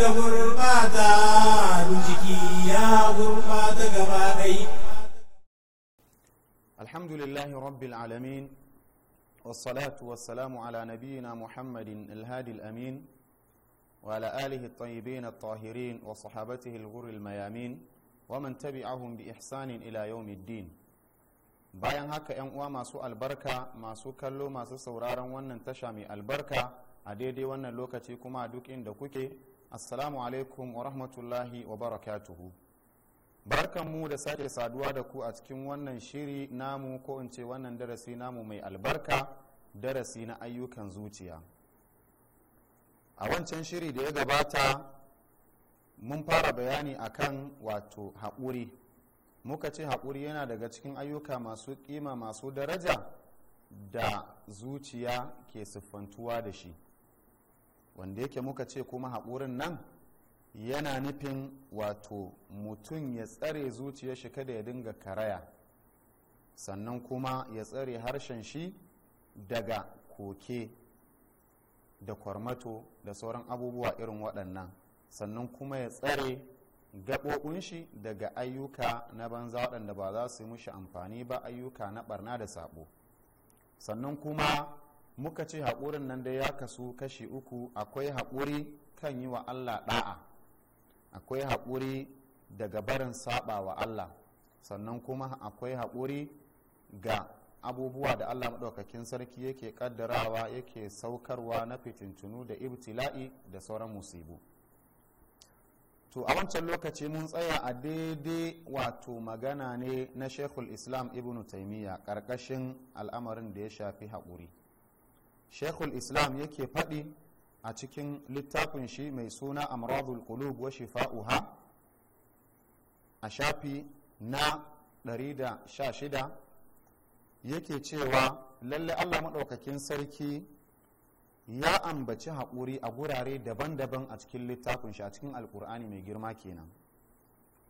da gurbata rujiki ya gurbata gaba ɗai. ala nabiyina Muhammadin Alhadi Amin, wa ala alihi tayyibin at wa sahabatihi al-ghur mayamin wa man tabi'ahum bi ihsanin ila yawmiddin bayan haka yan uwa masu albarka masu kallo masu sauraron wannan tasha mai albarka a daidai wannan lokaci kuma duk inda kuke assalamu alaikum wa rahmatullahi wa barakatuhu barkanmu da sake saduwa da ku a cikin wannan shiri namu ko in ce wannan darasi namu mai albarka darasi na ayyukan zuciya a wancan shiri da ya gabata mun fara bayani a kan wato haƙuri muka ce haƙuri yana daga cikin ayyuka masu kima masu daraja da zuciya ke siffantuwa da shi wanda yake muka ce kuma haƙurin nan yana nufin wato mutum ya tsare zuciyar shi kada ya dinga karaya sannan kuma ya tsare harshen shi daga koke da kwarmato da sauran abubuwa irin waɗannan sannan kuma ya tsare gaɓoɓin shi daga ayyuka na banza waɗanda ba za su yi mushi amfani ba ayyuka na ɓarna da saɓo sannan kuma muka ce haƙurin nan da ya kasu kashi uku akwai haƙuri kan yi wa allah ɗa'a akwai haƙuri daga barin saɓa wa allah sannan kuma akwai haƙuri ga abubuwa da allah maɗaukakin sarki yake ƙaddarawa yake saukarwa na fitintunu da ibtila'i da sauran musibu to a wancan lokaci mun tsaya a daidai wato magana ne na shekul islam ibn taimiyya ƙarƙashin al'amarin da ya shafi haƙuri shekul islam yake faɗi a cikin littafin shi mai suna amradul qulub wa shifa'uha a shafi na 116 yake cewa lalle allah maɗaukakin sarki ya ambaci haƙuri a gurare daban-daban a cikin littafin shi a cikin alƙur'ani mai girma kenan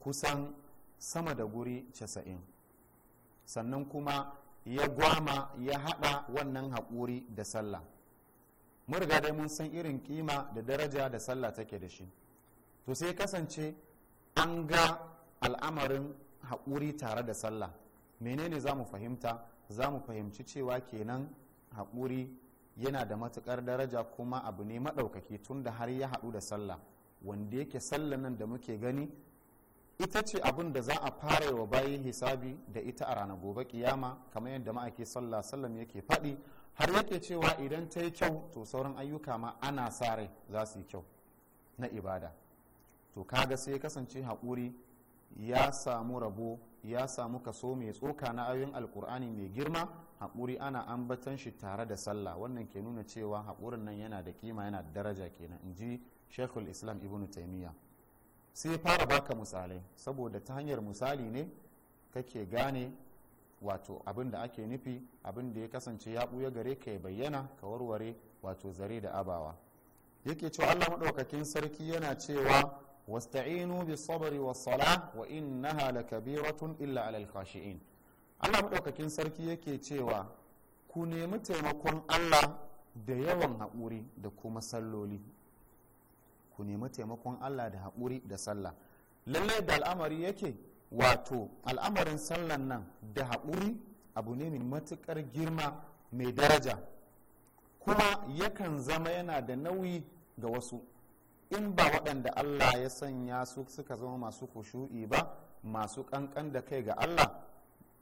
kusan sama da guri 90 sannan kuma ya gwama ya haɗa wannan haƙuri da sallah mun riga dai mun san irin kima da daraja da sallah take da shi to sai kasance an ga al'amarin haƙuri tare da sallah menene za mu fahimta za mu fahimci cewa kenan haƙuri yana da matuƙar daraja kuma abu ne maɗaukaki tunda har ya haɗu da sallah wanda yake sallah nan da muke gani ita ce abin da za a fara wa bayi hisabi da ita a ranar gobe kiyama kamar yadda ma'aiki sallah sallam yake faɗi har yake cewa idan ta yi kyau to sauran ayyuka ma ana sa rai za su yi kyau na ibada to kaga sai kasance haƙuri ya samu rabo ya samu kaso mai tsoka na ayoyin alkur'ani mai girma haƙuri ana ambatan shi tare da sallah wannan ke nuna cewa haƙurin nan yana da kima yana da daraja kenan in ji shekul islam ibnu taimiyya sai fara baka misalai saboda ta hanyar misali ne kake gane wato abin da ake nufi abin da ya kasance ya ɓuya gare ka ya bayyana ka warware wato zare da abawa yake cewa allah maɗaukakin sarki yana cewa wasta'inu bi sabari wa sala wa innaha lakabiratun illa alal khashi'in allah maɗaukakin sarki yake cewa ku nemi taimakon allah da yawan haƙuri da kuma salloli ku nemi taimakon Allah da haƙuri da sallah lallai da al'amari yake wato al'amarin sallan nan da haƙuri abu ne mai matuƙar girma mai daraja kuma yakan zama yana da nauyi ga wasu in ba waɗanda Allah ya sanya su suka zama masu kushu'i ba masu ƙanƙan da kai ga Allah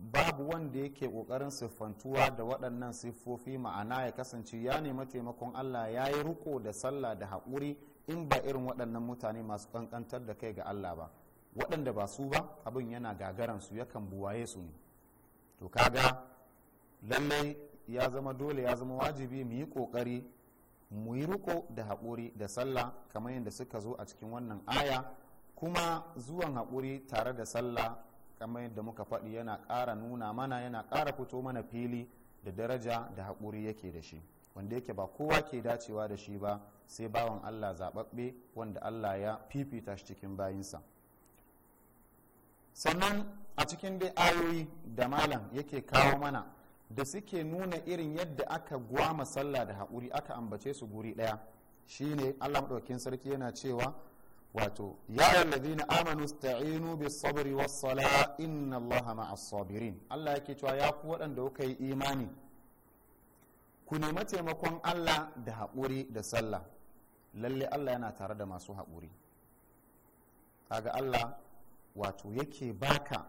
babu wanda yake ƙoƙarin siffantuwa da waɗannan siffofi ma'ana ya kasance ya nemi taimakon Allah ya yi riko da sallah da haƙuri in ba irin waɗannan mutane masu ƙanƙantar da kai ga Allah ba waɗanda ba su ba abin yana gagaran su yakan buwaye su ne to kaga lallai ya zama dole ya zama wajibi mu yi ƙoƙari mu yi riko da haƙuri da sallah kamar yadda suka zo a cikin wannan aya kuma zuwan haƙuri tare da sallah kamar yadda muka faɗi yana ƙara nuna mana yana ƙara fito mana fili da daraja da haƙuri yake da shi wanda yake ba kowa ke dacewa da shi ba sai bawan allah zaɓaɓɓe wanda allah ya fifita shi cikin bayinsa sannan a cikin dai ayoyi da malam yake kawo mana da suke nuna irin yadda aka gwama sallah da haƙuri aka ambace su guri ɗaya shine allah maɗaukin sarki yana cewa wato ya allazina amanu sta'inu bi sabri was inna allaha ma'as sabirin Allah yake cewa ya ku waɗanda kuka yi imani ku nemi taimakon Allah da haƙuri da sallah lalle Allah yana tare da masu haƙuri kaga Allah wato yake baka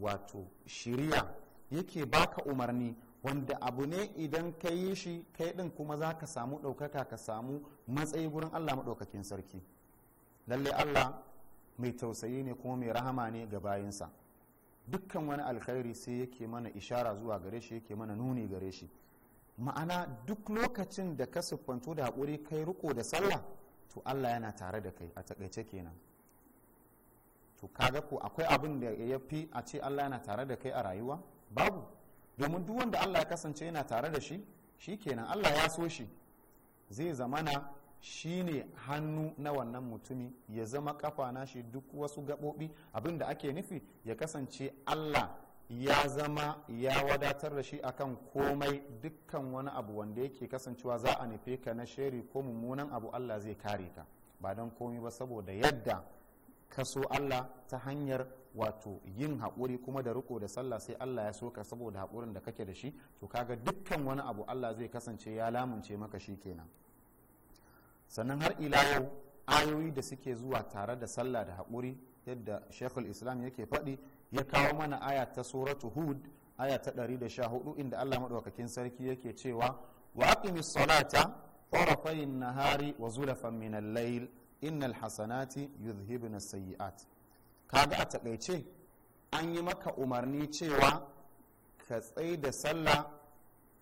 wato shiriya yake baka umarni wanda abu ne idan ka yi shi kai ɗin kuma za ka samu ɗaukaka ka samu matsayi gurin Allah maɗaukakin sarki lalle Allah mai tausayi ne kuma mai rahama ne ga bayinsa dukkan wani alkhairi sai yake mana ishara zuwa gare shi yake mana nuni gare shi ma'ana duk lokacin da ka siffantu da haƙuri kai riko da sallah to allah yana tare da kai a takaice kenan to kaga ko akwai abin da ya fi a ce allah yana tare da kai a rayuwa babu domin duk wanda allah ya kasance yana tare da shi shi kenan allah ya so shi zai zamana shi ne hannu na wannan mutumi ya zama kafa na shi duk wasu gaɓoɓi abin da ake nufi ya kasance allah ya zama ya wadatar da shi akan komai dukkan wani abu wanda yake kasancewa za a nufe ka na sheri ko mummunan abu Allah zai kare ka ba don komai ba saboda yadda ka so Allah ta hanyar wato yin haƙuri kuma da riko da sallah sai Allah ya so ka saboda haƙurin da kake da shi to kaga dukkan wani abu Allah zai kasance ya lamunce maka shi kenan sannan har ila yau ayoyi da suke zuwa tare da sallah da haƙuri yadda shekul islam yake faɗi ya kawo mana aya ta suratu hud aya ta 114 inda Allah madaukakin sarki yake cewa wa salata tarafayn nahari wa zulafan min al-layl innal hasanati sayi'at sayyi'at kaga a taƙaice an yi maka umarni cewa ka tsaye da sallah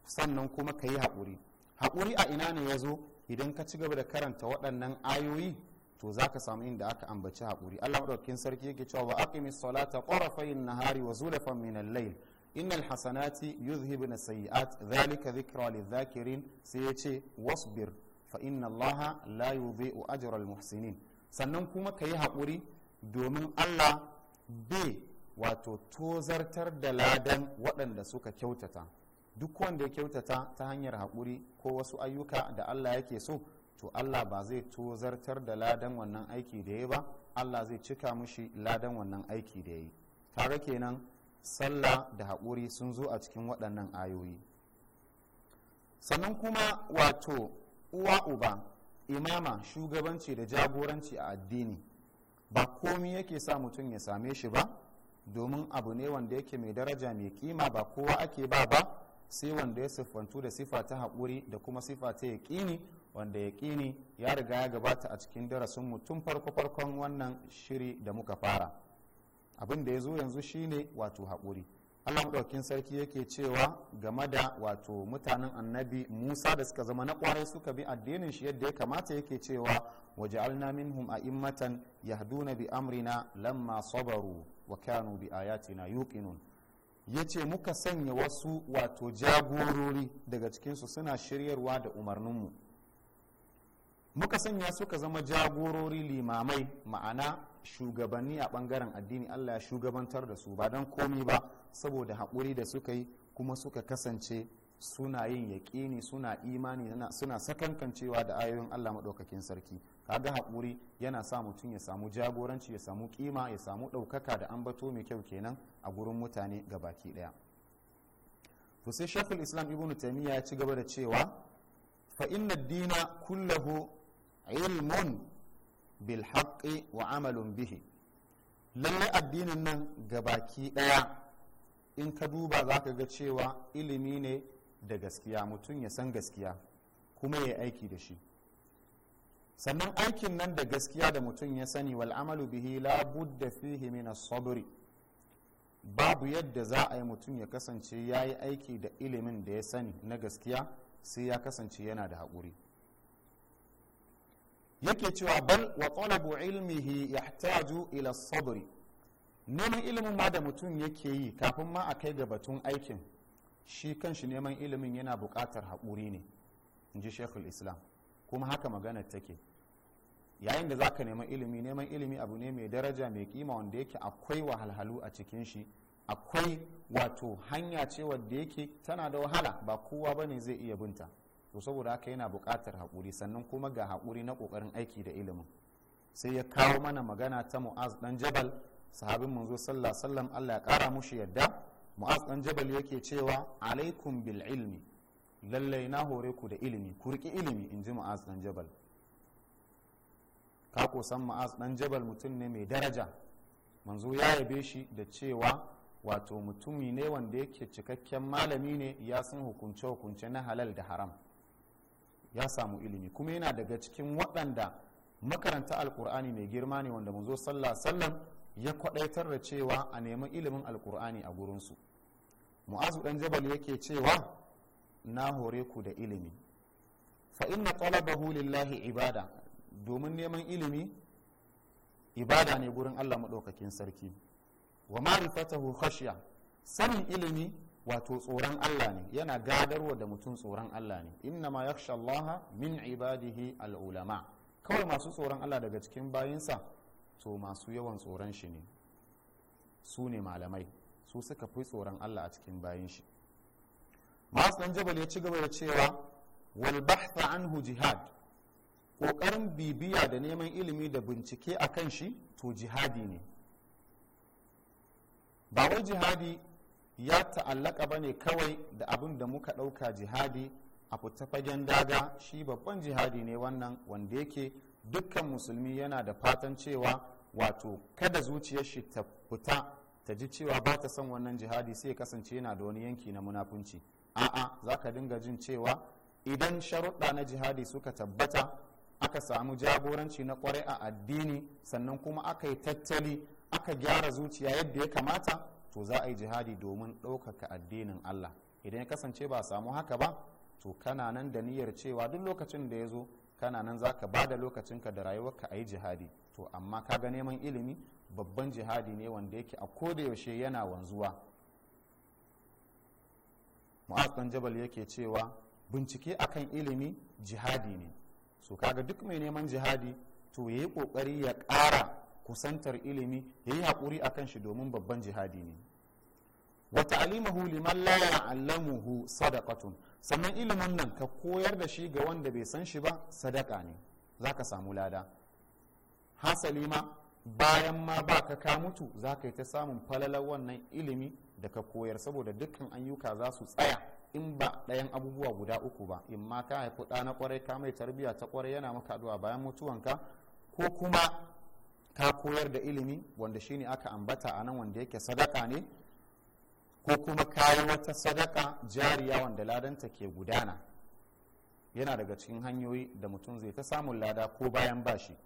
sannan kuma ka yi haƙuri haƙuri a ina ne ya zo idan ka ci gaba da karanta waɗannan ayoyi to za ka samu inda aka ambaci haƙuri allah maɗaukakin sarki yake cewa wa aqimi salata qarafayn nahari wa zulafan min al-layl innal hasanati yuzhibna sayiat dhalika dhikra lidh-dhakirin sai yace wasbir fa inna allah la yudhi'u ajra al-muhsinin sannan kuma ka yi haƙuri domin allah bai wato tozartar da ladan waɗanda suka kyautata duk wanda ya kyautata ta hanyar haƙuri ko wasu ayyuka da allah yake so to Allah ba zai tozartar da ladan wannan aiki da ya ba Allah zai cika mushi ladan wannan aiki da ya yi Kare kenan sallah da haƙuri sun zo a cikin waɗannan ayoyi sannan kuma wato uwa uba imama shugabanci da jagoranci a addini ba komi yake sa mutum ya same shi ba domin abu ne wanda yake mai daraja mai kima ba kowa ake ba ba sai wanda ya siffantu da sifa ta haƙuri da kuma sifa ta yaƙini wanda ya ƙini ya riga ya gabata a cikin darasin mu tun farko-farkon wannan shiri da muka fara abin da ya zo yanzu shine wato haƙuri allah maɗaukin sarki yake cewa game da wato mutanen annabi musa da suka zama na ƙwarai suka bi addinin shi yadda ya kamata yake cewa waje minhum a'immatan yahduna bi amrina lamma sabaru wa kanu bi ayatina yuqinun ya ce muka sanya wasu wato jagorori daga cikinsu suna shiryarwa da umarninmu muka sanya suka zama jagorori limamai ma'ana shugabanni a bangaren addini allah ya shugabantar da su ba don komi ba saboda haƙuri da suka yi kuma suka kasance suna yin yaƙini suna imani suna sakankancewa da ayoyin allah maɗaukakin sarki kaga haƙuri yana sa mutum ya samu jagoranci ya samu kima ya samu ɗaukaka da ambato mai kyau kenan a gurin mutane ga baki ɗaya to sai shakul islam ibn taimiyya ya ci gaba da cewa fa dina kullahu ilmun bil haqqi wa amalun bihi lallai addinin nan ga baki ɗaya in ka duba za ka ga cewa ilimi ne da gaskiya mutum ya san gaskiya kuma ya aiki da shi sannan aikin nan da gaskiya da mutum ya sani wal amalu bihi la budda fihi min sabri babu yadda za a yi mutum ya kasance ya yi aiki da ilimin da ya sani na gaskiya sai ya kasance yana da haƙuri yake cewa bal wa talabu ilmihi yahtaju ila sabri neman ilimin ma da mutum yake yi kafin ma a kai ga batun aikin shi kanshi neman ilimin yana buƙatar haƙuri ne in ji shekul islam kuma haka magana take yayin da za ka neman ilimi neman ilimi abu ne mai daraja mai kima wanda yake akwai wahalhalu a cikin shi akwai wato hanya ce wadda yake tana da wahala ba kowa ba ne zai iya binta to saboda haka yana bukatar haƙuri sannan kuma ga haƙuri na ƙoƙarin aiki da ilimin sai ya kawo mana magana ta mu'az dan jabal sahabin manzo sallallahu sallam Allah ya ƙara mushi yadda mu'az dan jabal yake cewa alaikum bil ilmi lallai na hore ku da ilimi ku riƙi ilimi in ji mu'az dan jabal ka kusan mu'az dan jabal mutum ne mai daraja manzo ya yabe shi da cewa wato mutumi ne wanda yake cikakken malami ne ya san hukunce-hukunce na halal da haram ya samu ilimi kuma yana daga cikin waɗanda makaranta alkur'ani mai girma ne wanda zo sallah sallam ya kwaɗaitar da cewa a nemi ilimin alkur'ani a gurinsu mu'azu ɗan jabal yake cewa na hore ku da ilimi fa inna talabahu lillahi ibada domin neman ilimi ibada ne gurin Allah maɗaukakin sarki wa ma'rifatahu khashya sanin ilimi wato tsoron Allah ne yana gadarwa da mutum tsoron Allah ne inna ma yakhsha min ibadihi al-ulama kawai masu tsoron Allah daga cikin bayinsa to masu yawan tsoron shi ne su ne malamai su suka fi tsoron Allah a cikin bayin shi masu dan jabal ya ci gaba da cewa wal bahtha anhu jihad kokarin bibiya da neman ilimi da bincike akan shi to jihadi ne ba wai jihadi ya ta'allaka bane kawai da abin da muka ɗauka jihadi a fita fagen daga shi babban jihadi ne wannan wanda yake dukkan musulmi yana da fatan cewa wato kada zuciyar shi ta fita ta ji cewa ba ta son wannan jihadi sai ya kasance yana da wani yanki na munafunci a'a za ka dinga jin cewa idan sharuɗa na jihadi suka tabbata aka samu jagoranci na kwarai a addini sannan kuma aka yi tattali aka gyara zuciya yadda ya kamata to za a yi jihadi domin ɗaukaka addinin Allah idan ya kasance ba samu haka ba to kana nan da niyyar cewa duk lokacin da ya zo kana nan za ka ba da lokacinka da rayuwarka a yi jihadi to amma kaga neman ilimi babban jihadi ne wanda yake a yaushe yana wanzuwa mu'az jabal yake cewa bincike akan ilimi jihadi ne so kaga duk mai neman jihadi to yayi kokari ya ƙara kusantar ilimi ya yi haƙuri a kan shi domin babban jihadi ne wata alimahu liman la ya'lamuhu sadaqatun sannan ilimin nan ka koyar da shi ga wanda bai san shi ba sadaka ne zaka samu lada hasali ma bayan ma ba ka ka mutu za ka yi ta samun falalar wannan ilimi da ka koyar saboda dukkan ayyuka za su tsaya in ba ɗayan abubuwa guda uku ba in ma ka haifi ɗa na kwarai ka mai tarbiyya ta kwarai yana maka addu'a bayan mutuwanka ko kuma ka koyar da ilimi wanda shine aka ambata a nan wanda yake sadaka ne ko kuma kayi wata sadaka jariya wanda ladanta ke gudana yana daga cikin hanyoyi da mutum zai ta samun lada ko bayan bashi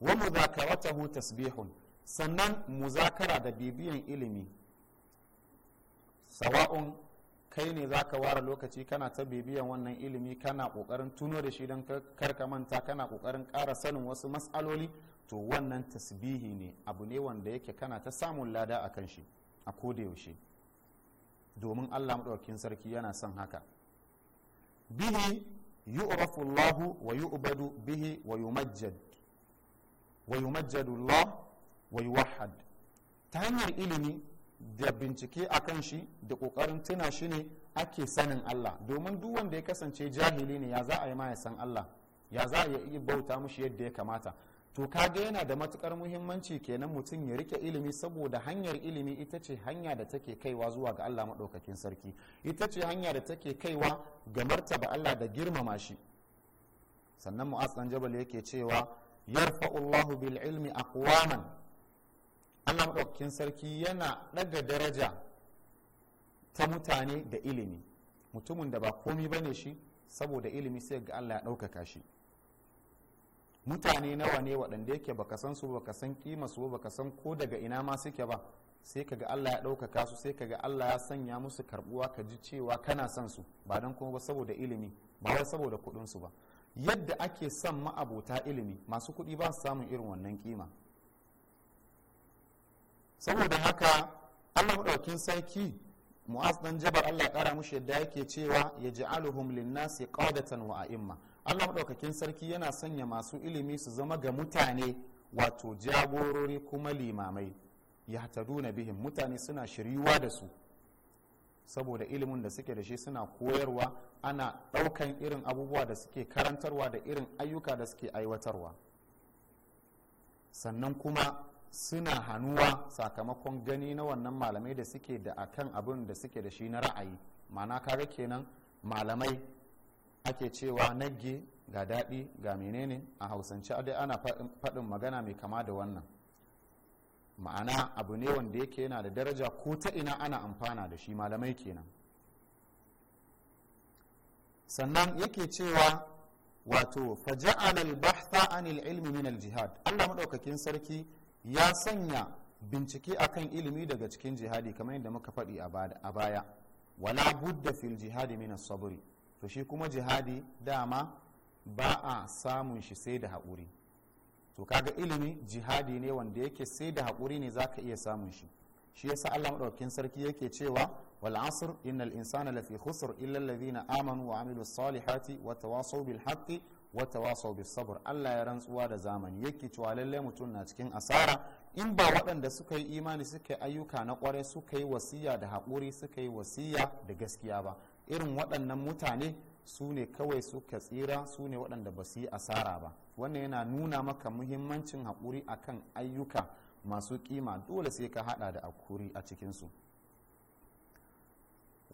wa muzakaratahu tasbihun sannan muzakara da bibiyan ilimi sawa'un kai ne za ka ware lokaci kana ta bibiyan wannan ilimi kana kokarin tuno da shi don karka manta kana kokarin ƙara sanin wasu matsaloli to wannan tasbihi ne abu ne wanda yake kana ta samun lada a kan shi a yaushe domin allah maɗaukin sarki yana son haka bihi yi allahu wa yi ubadu bihi wa yumajjad wa yi wahad. ta hanyar ilimi da bincike a kan shi da ƙoƙarin tuna shi ne ake sanin allah domin duk wanda ya kasance jahili ne ya za a yi ma ya san allah ya za a yi bauta mushi yadda ya kamata to kaga yana da matukar muhimmanci kenan mutum ya rike ilimi saboda hanyar ilimi ita ce hanya da take kaiwa zuwa ga Allah maɗaukakin sarki ita ce hanya da take kaiwa ga martaba Allah da girmama shi sannan mu'az dan jabal yake cewa Allah bil ilmi aqwaman Allah maɗaukakin sarki yana ɗaga daraja ta mutane da ilimi mutumin da ba komi bane shi saboda ilimi sai ga Allah ya ɗaukaka shi mutane nawa ne waɗanda yake baka san su baka san kima su baka san ko daga ina ma suke ba sai kaga Allah ya ɗaukaka su sai kaga Allah ya sanya musu karbuwa ka ji cewa kana son su ba don kuma ba saboda ilimi ba wai saboda kuɗin su ba yadda ake san ma'abota ilimi masu kuɗi ba su samun irin wannan kima saboda haka Allah ɗaukin sarki mu'az dan jabar Allah ƙara mushi yadda yake cewa ya ji lin-nasi qadatan wa a'imma allah maɗaukakin sarki yana sanya masu ilimi su zama ga mutane wato jagorori kuma limamai ya na bihin mutane suna shiryuwa da su saboda ilimin da suke da shi suna koyarwa ana ɗaukan irin abubuwa da suke karantarwa da irin ayyuka da suke aiwatarwa sannan kuma suna hannuwa sakamakon gani na wannan malamai da suke da akan abin da suke da shi na ra'ayi ma'ana kaga kenan malamai ake cewa nagge ga daɗi ga menene a hausance dai ana faɗin magana mai kama da wannan ma'ana abu ne wanda yake yana da daraja ko ta ina ana amfana da shi malamai kenan sannan yake cewa wato faja'al al-bahtha anil ilmi min al-jihad Allah madaukakin sarki ya sanya bincike akan ilimi daga cikin jihadi kamar yadda muka faɗi a baya wala budda fil jihadi min as-sabri to shi kuma jihadi dama ba a samun shi sai da haƙuri to kaga ilimi jihadi ne wanda yake sai da haƙuri ne zaka iya samun shi shi yasa Allah madaukakin sarki yake cewa wal asr innal insana lafi khusr illa alladhina amanu wa amilus salihati wa tawasaw bil haqqi wa tawasaw bis sabr Allah ya rantsuwa da zamani yake cewa lalle mutum na cikin asara in ba waɗanda suka yi imani suka yi ayyuka na ƙware suka yi wasiya da haƙuri suka yi wasiya da gaskiya ba irin waɗannan mutane su ne kawai suka tsira su ne waɗanda ba su yi asara ba wannan yana nuna maka muhimmancin haƙuri akan ayyuka masu kima dole sai ka haɗa da haƙuri a cikinsu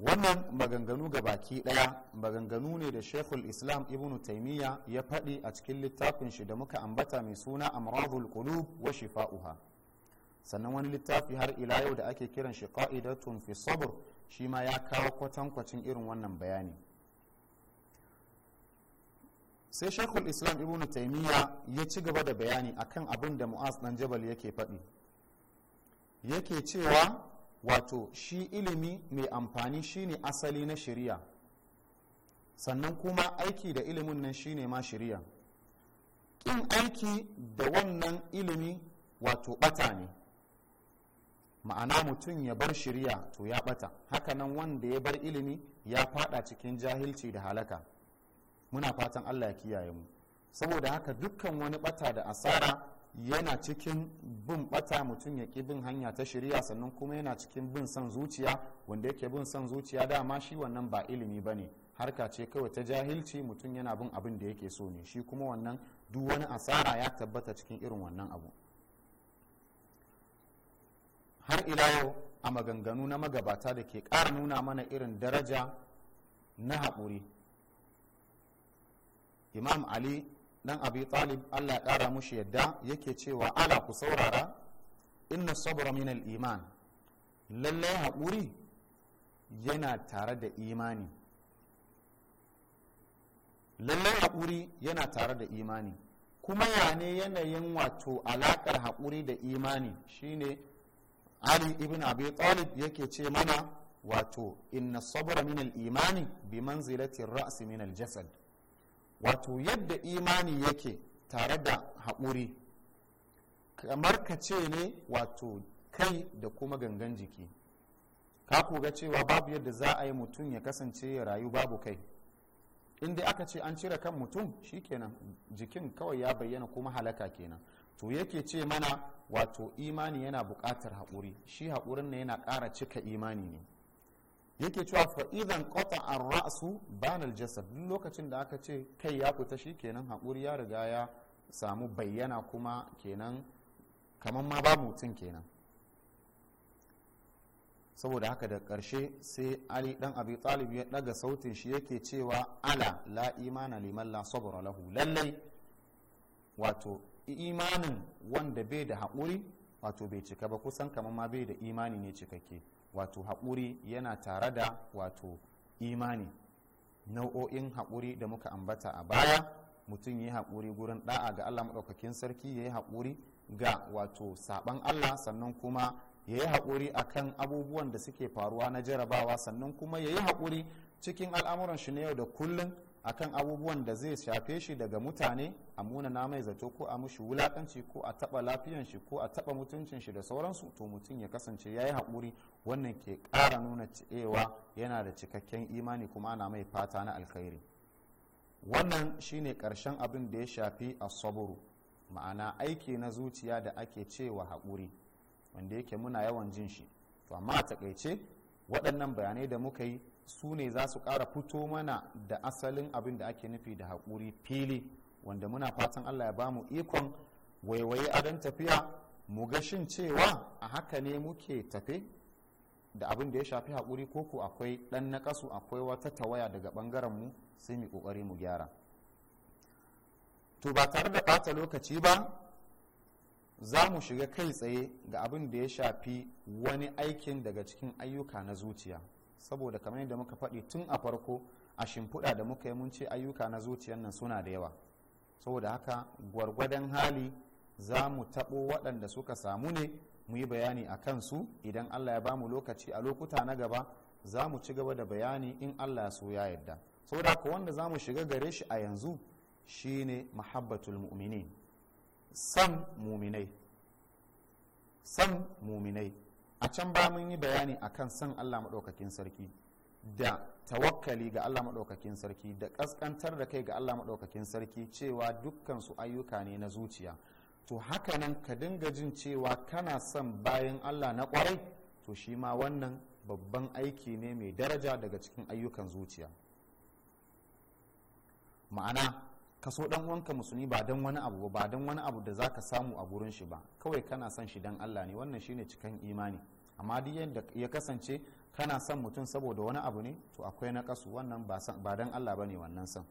wannan maganganu ga baki ɗaya maganganu ne da shekul islam ibn taimiyya ya faɗi a cikin littafin shi da muka ambata mai suna amradul qulub wa shifa'uha sannan wani littafi har ila yau da ake kiran shi qa'idatun fi sabr shi ma ya kawo kwatankwacin irin wannan bayani sai shekul islam ibn taimiyya ya ci gaba da bayani akan abin da mu'az dan jabal yake faɗi yake cewa wato shi ilimi mai amfani shine asali na shari'a sannan kuma aiki da ilimin nan shine ma shari'a ƙin aiki da wannan ilimi wato ɓata ne ma'ana mutum ya bar shiriya to ya bata hakanan wanda ya bar ilimi ya fada cikin jahilci da halaka muna fatan allah ya kiyaye mu saboda haka dukkan wani bata da asara yana cikin bin bata mutum ya ki bin hanya ta shiriya sannan kuma yana cikin bin son zuciya wanda yake bin son zuciya dama shi wannan ba ilimi ba ne harka ce kawai ta jahilci mutum yana bin abin da yake so ne shi kuma wannan duk wani asara ya tabbata cikin irin wannan abu har ila yau a maganganu na magabata da ke ƙara nuna mana irin daraja na haƙuri imam ali dan abi talib allah ya ƙara mushi yadda yake cewa ala ku saurara inna sabra min iman lallai haƙuri yana tare da imani lallai haƙuri yana tare da imani kuma ya yanayin wato alaƙar haƙuri da imani shine ali ibn abi talib yake ce mana wato inna sabra min al-imani bi manzilati ar-ra's min al-jasad wato yadda imani yake tare da haƙuri kamar ka ce ne wato kai da kuma gangan jiki ka koga cewa babu yadda za a yi mutum ya kasance ya rayu babu kai in dai aka ce an cire kan mutum shikenan jikin kawai ya bayyana kuma halaka kenan to yake ce mana wato imani yana buƙatar haƙuri shi haƙurin ne yana ƙara cika imani ne yake cewa fa idan qata ar-ra'su banal jasad duk lokacin da aka ce kai ya fita kenan haƙuri ya riga ya samu bayyana kuma kenan kamar ma ba mutum kenan saboda haka da karshe sai ali dan abi talib ya daga sautin shi yake cewa ala la imana liman la sabara lahu lallai wato imanin wanda bai da hakuri wato bai cika ba kusan kamar ma bai da imani ne cikakke wato haƙuri yana tare da wato imani nau'o'in haƙuri da muka ambata a baya mutum ya yi haƙuri gurin da'a ga allah maɗaukakin sarki ya yi hakuri ga wato saɓan allah sannan kuma ya yi haƙuri a kan abubuwan da suke faruwa na jarabawa sannan kuma ya yi haƙuri cikin al'amuran shi na yau da kullum a kan abubuwan da zai shafe shi daga mutane a munana mai zato ko a mushi wulaƙanci ko a taɓa lafiyan shi ko a taɓa mutuncin shi da sauransu to mutum ya kasance ya yi haƙuri wannan ke ƙara nuna cewa yana da cikakken imani kuma ana mai fata na alkhairi wannan shine ƙarshen abin da ya shafi a asaburu ma'ana aiki na zuciya da ake cewa haƙuri wanda yake muna yawan jin shi to amma a takaice waɗannan bayanai da muka yi su ne za su ƙara fito mana da asalin abin da ake nufi da haƙuri fili wanda muna fatan allah ya bamu ikon waiwaye adon tafiya mu ga shin cewa a haka ne muke tafe da abin da ya shafi haƙuri ko ku akwai ɗan naƙasu akwai wata tawaya daga ɓangaren mu sai mu ƙoƙari mu gyara to ba tare da ɓata lokaci ba za mu shiga kai tsaye ga abin da ya shafi wani aikin daga cikin ayyuka na zuciya saboda kamar yadda muka faɗi tun a farko a shimfiɗa da muka yi mun ce ayyuka na zuciyan nan suna da yawa saboda haka gwargwadon hali za mu taɓo waɗanda suka samu ne mu yi bayani a kansu idan allah ya bamu lokaci a lokuta na gaba za mu ci gaba da bayani in allah ya so ya yarda saboda haka wanda za mu shiga gare shi a yanzu shine mahabbatul mu'minin san muminai san muminai a can ba mun yi bayani akan san allah maɗaukakin sarki da tawakkali ga allah maɗaukakin sarki da ƙasƙantar da kai ga allah maɗaukakin sarki cewa dukkansu ayyuka ne na zuciya to haka nan ka dinga jin cewa kana son bayan allah na ƙwarai to shi ma wannan babban aiki ne mai daraja daga cikin ayyukan zuciya ma'ana kaso dan wanka musulmi ba dan wani abu ba dan wani abu da zaka samu a gurin shi ba kawai kana son shi dan Allah ne wannan shine cikan imani amma duk yadda ya kasance kana son mutum saboda wani abu ne to akwai na kasu wannan ba dan Allah bane wannan son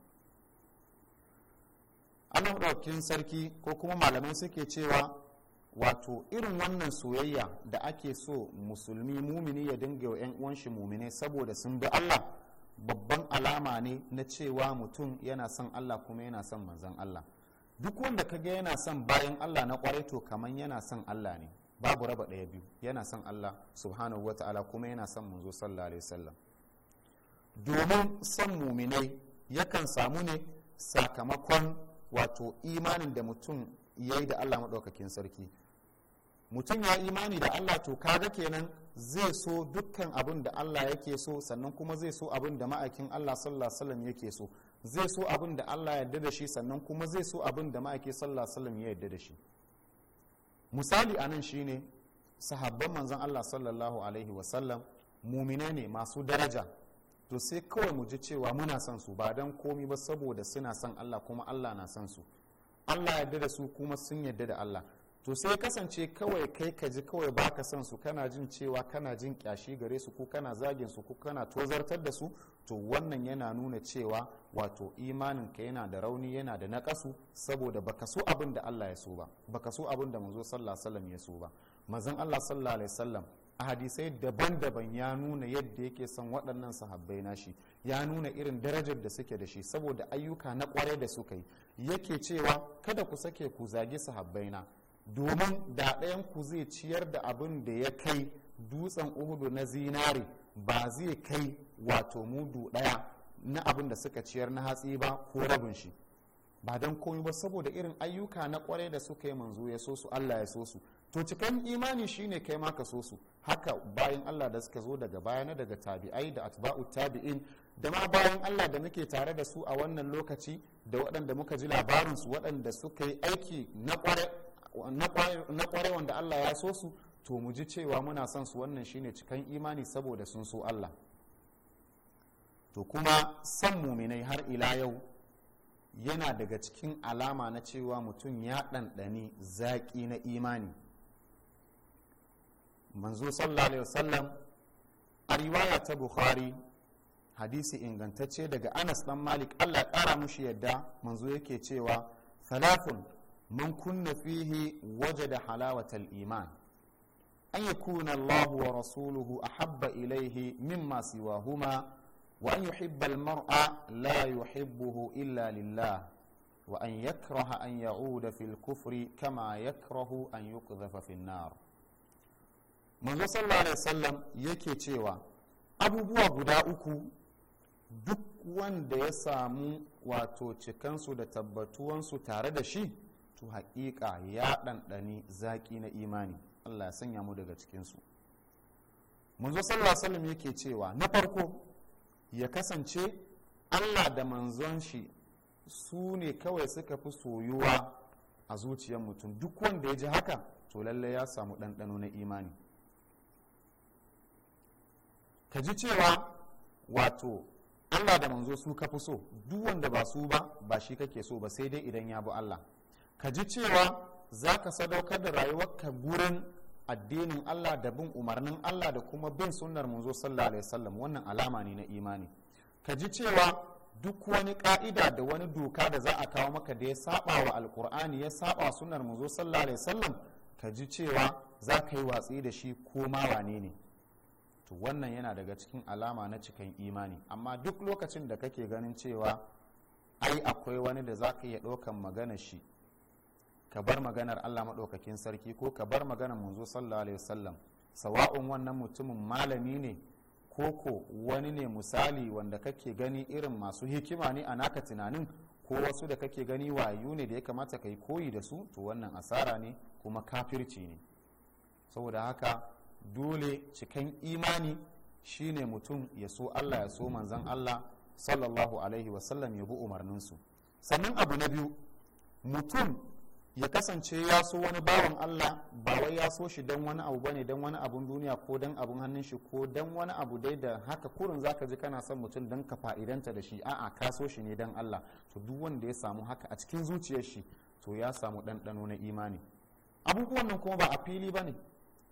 Allah ɗaukin sarki ko kuma malamai suke cewa wato irin wannan soyayya da ake so musulmi mumini ya dinga wa 'yan uwan shi mumine saboda sun bi Allah babban alama ne na cewa mutum yana son Allah kuma yana son manzan Allah duk wanda ka ga yana son bayan Allah na kwarai to kamar yana son Allah ne babu raba ɗaya biyu yana son Allah subhanahu wa ta'ala kuma yana son manzo sallallahu alaihi wasallam domin son muminai yakan samu ne sakamakon wato imanin da mutum yayi da Allah maɗaukakin sarki mutum ya imani da allah to kaga kenan zai so dukkan abin da allah yake so sannan kuma zai so abin da ma'aikin allah sallallahu alaihi wasallam yake so zai so abin da allah yarda da shi sannan kuma zai so abin da ma'aikin sallallahu alaihi wasallam ya yarda da shi misali anan shine sahabban manzon allah sallallahu alaihi wasallam mumine ne masu daraja to sai kawai mu ji cewa muna son su ba don komi ba saboda suna son allah kuma allah na son su allah yarda da su kuma sun yarda da allah to sai kasance kawai kai ka ji kawai baka son su kana jin cewa kana jin kyashi gare su ko kana zagin su ko kana tozartar da su to wannan yana nuna cewa wato imanin ka yana da rauni yana da nakasu saboda baka so abin da Allah ya so ba baka so abin da manzo sallallahu alaihi wasallam ya so ba manzon Allah sallallahu alaihi wasallam a hadisai daban-daban ya nuna yadda yake son waɗannan sahabbai nashi ya nuna irin darajar da suke da shi saboda ayyuka na kwarai da suka yi yake cewa kada ku sake ku zagi sahabbai domin da ɗayan ku zai ciyar da abin da ya kai dutsen uhudu na zinari, ba zai kai wato mudu ɗaya na abin da suka ciyar na hatsi ba ko rabin shi ba don komai ba saboda irin ayyuka na kwarai da suka yi manzo ya so su Allah ya so su to cikin imani shine kai maka ka so su haka bayan Allah da suka zo daga bayana daga tabi'ai da atba'u tabi'in da ma bayan Allah da muke tare da su a wannan lokaci da waɗanda muka ji labarin su waɗanda suka yi aiki na kwarai na kware wanda Allah ya so su to mu ji cewa muna son su wannan shine cikan imani saboda sun so Allah to kuma son muminai har ila yau yana daga cikin alama na cewa mutum ya ɗanɗani zaƙi na imani manzo sallallahu alaihi wasallam a riwaya ta bukhari hadisi ingantacce daga anas dan malik allah kara mushi yadda manzo yake cewa salafun من كن فيه وجد حلاوة الإيمان أن يكون الله ورسوله أحب إليه مما سواهما وأن يحب المرء لا يحبه إلا لله وأن يكره أن يعود في الكفر كما يكره أن يقذف في النار manzo sallallahu alaihi wasallam yake cewa abubuwa guda uku duk wanda ya samu wato cikansu da tabbatuwansu tare da shi to haƙiƙa ya ɗanɗani zaƙi na imani Allah ya sanya mu daga cikinsu manzo sallallahu alaihi wasallam yake cewa na farko ya kasance Allah da manzon shi su ne kawai suka fi soyuwa a zuciyar mutum duk wanda ya ji haka to lallai ya samu ɗanɗano na imani ka ji cewa wato Allah da manzo su ka fi so duk wanda ba su ba ba shi kake so ba sai dai idan ya bi Allah ka ji cewa za ka sadaukar da rayuwarka gurin addinin Allah da bin umarnin Allah da kuma bin sunnar manzo sallallahu alaihi wasallam wannan alama ne na imani ka ji cewa duk wani ka'ida da wani doka da za a kawo maka da ya saba wa alkur'ani ya saba sunnar manzo sallallahu alaihi wasallam ka ji cewa za ka yi watsi da shi ko ma wane ne to wannan yana daga cikin alama na cikin imani amma duk lokacin da kake ganin cewa ai akwai wani da za ka iya ɗaukan magana shi ka bar maganar Allah maɗaukakin sarki ko ka bar maganar manzo sallallahu alaihi wasallam sawa'un wannan mutumin malami ne ko ko wani ne misali wanda kake gani irin masu hikima ne a naka tunanin ko wasu da kake gani wayu ne da ya kamata ka yi koyi da su to wannan asara ne kuma kafirci ne saboda haka dole cikan imani shine mutum ya so Allah ya so manzon Allah sallallahu alaihi wasallam ya bi umarninsu sannan abu na biyu mutum ya kasance ya so wani bawan Allah ba wai ya so shi don wani abu bane don wani abun duniya ko don abun hannun shi ko don wani abu dai da haka kurin zaka ji kana son mutum don ka fa'idanta da shi a'a ka so shi ne don Allah to duk wanda ya samu haka a cikin zuciyar shi to ya samu ɗanɗano na imani abubuwan nan kuma ba a fili ba ne.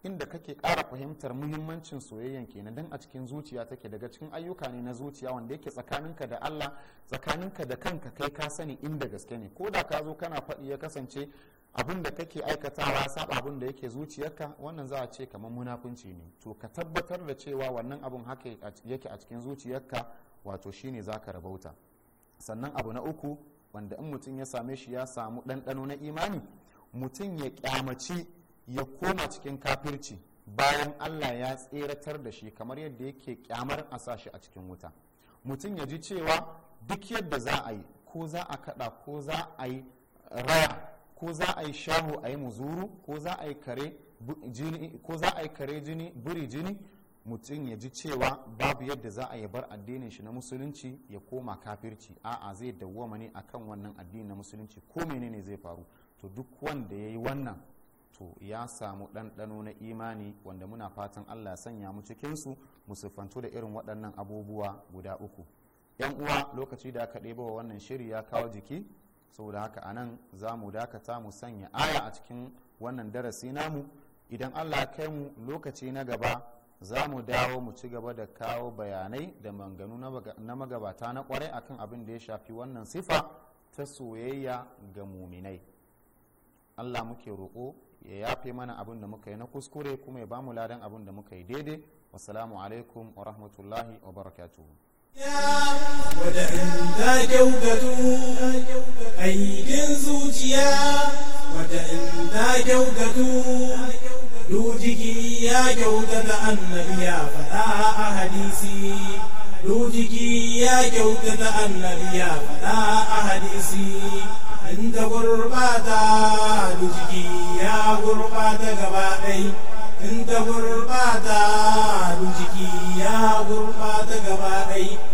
inda kake ƙara fahimtar muhimmancin soyayyan kenan dan a cikin zuciya take daga cikin ayyuka ne na zuciya wanda yake tsakaninka da Allah tsakaninka da kanka kai ka sani inda gaske ne ko da ka zo kana faɗi ya kasance abin da kake aikatawa saba abin da yake zuciyarka wannan za a ce kamar munafunci ne to ka tabbatar da cewa wannan abin haka yake a cikin zuciyarka wato shine zaka rabauta sannan abu na uku wanda in mutum ya same shi ya samu ɗanɗano na imani mutum ya kyamaci ya koma cikin kafirci bayan allah ya tseratar da shi kamar yadda yake kyamar a sashi a cikin wuta mutum ya ji cewa duk yadda za a yi ko za a kada ko za a yi raya ko za a yi shahu a yi muzuru ko za a yi kare jini buri jini mutum ya ji cewa babu yadda za a yi bar addinin shi na musulunci ya koma kafirci a'a zai dawwama ne akan wannan addinin na musulunci ko menene zai faru to duk wanda ya yi wannan to ya samu ɗanɗano na imani wanda muna fatan allah sanya mu cikinsu mu siffantu da irin waɗannan abubuwa guda uku yan uwa lokaci da aka ɗebo wannan shiri ya kawo jiki saboda haka a nan za mu dakata mu sanya aya a cikin wannan darasi namu idan allah kai mu lokaci na gaba za mu dawo mu ci gaba da kawo bayanai da manganu na magabata na kwarai akan abin da ya shafi wannan sifa ta soyayya ga muminai allah muke roƙo ya yafe mana abin da muka yi na kuskure kuma ya ba mu ladan abin da muka yi daidai wasalamu alaikum wa rahmatullahi wa barakatu. barakatuhu wadanda kyautatu aikin zuciya wadanda kyautatu dujiki ya kyautata annabiya ya faɗa a hadisi dujiki ya kyautata annabiya ya faɗa a hadisi ta gurbata da jiki ya gurbata gaba ɗai in ta gurbata da jiki ya gurbata gaba ɗai